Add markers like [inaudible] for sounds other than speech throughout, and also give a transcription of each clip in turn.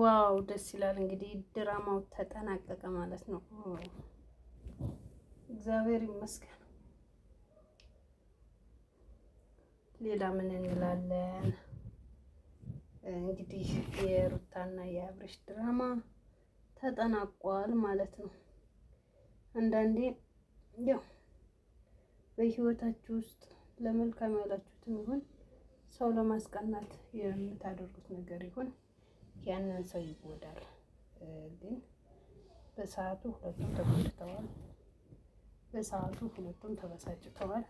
ዋው ደስ ይላል። እንግዲህ ድራማው ተጠናቀቀ ማለት ነው። እግዚአብሔር ይመስገን። ሌላ ምን እንላለን? እንግዲህ የሩታና የአብርሽ ድራማ ተጠናቋል ማለት ነው። አንዳንዴ ያው በህይወታችሁ ውስጥ ለመልካም ያላችሁትን ይሁን ሰው ለማስቀናት የምታደርጉት ነገር ይሁን ያንን ሰው ይጎዳል። ግን በሰዓቱ ሁለቱም ተጎድተዋል። በሰዓቱ ሁለቱም ተበሳጭተዋል።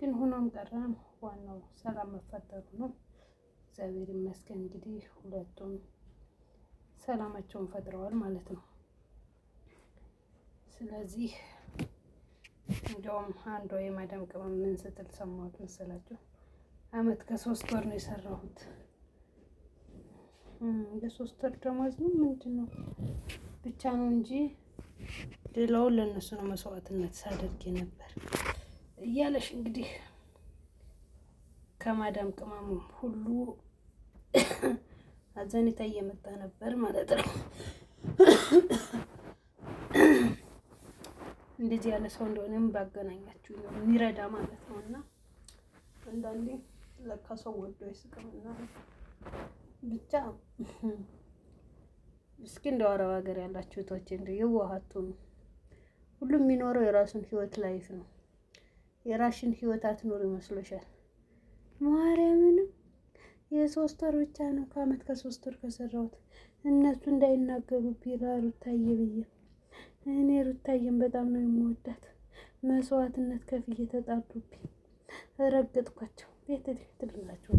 ግን ሆኖም ቀረም ዋናው ሰላም መፈጠሩ ነው። እግዚአብሔር ይመስገን እንግዲህ ሁለቱም ሰላማቸውን ፈጥረዋል ማለት ነው። ስለዚህ እንዲያውም አንዷ የማዳም ቅመም ምን ስትል ሰማሁት መሰላችሁ? አመት ከሶስት ወር ነው የሰራሁት የሶስት ወር ደሞዝ ነው ምንድን ነው ብቻ ነው እንጂ ሌላውን ለእነሱ ነው መስዋዕትነት ሳደርግ ነበር እያለሽ እንግዲህ ከማዳም ቅመሙ ሁሉ [coughs] አዘኔታ እየመጣ ነበር ማለት ነው። [coughs] እንደዚህ ያለ ሰው እንደሆነም ባገናኛችሁ የሚረዳ ማለት ነው። እና አንዳንዴ ለካ ሰው ወዶ ይስቅምና ብቻ እስኪ እንደው አረብ ሀገር ያላችሁ እህቶች እንደው የዋሃቱ ነው። ሁሉም የሚኖረው የራሱን ህይወት ላይፍ ነው። የራሽን ህይወት አትኖር ይመስሎሻል? ማርያምንም የሶስት ወር ብቻ ነው ከአመት ከሶስት ወር ከሰራሁት እነሱ እንዳይናገሩ ቢራ ሩታዬ ብዬ እኔ ሩታዬን በጣም ነው የምወዳት። መስዋዕትነት ከፍዬ ተጣዱብኝ፣ ረገጥኳቸው ቤት ትልላቸው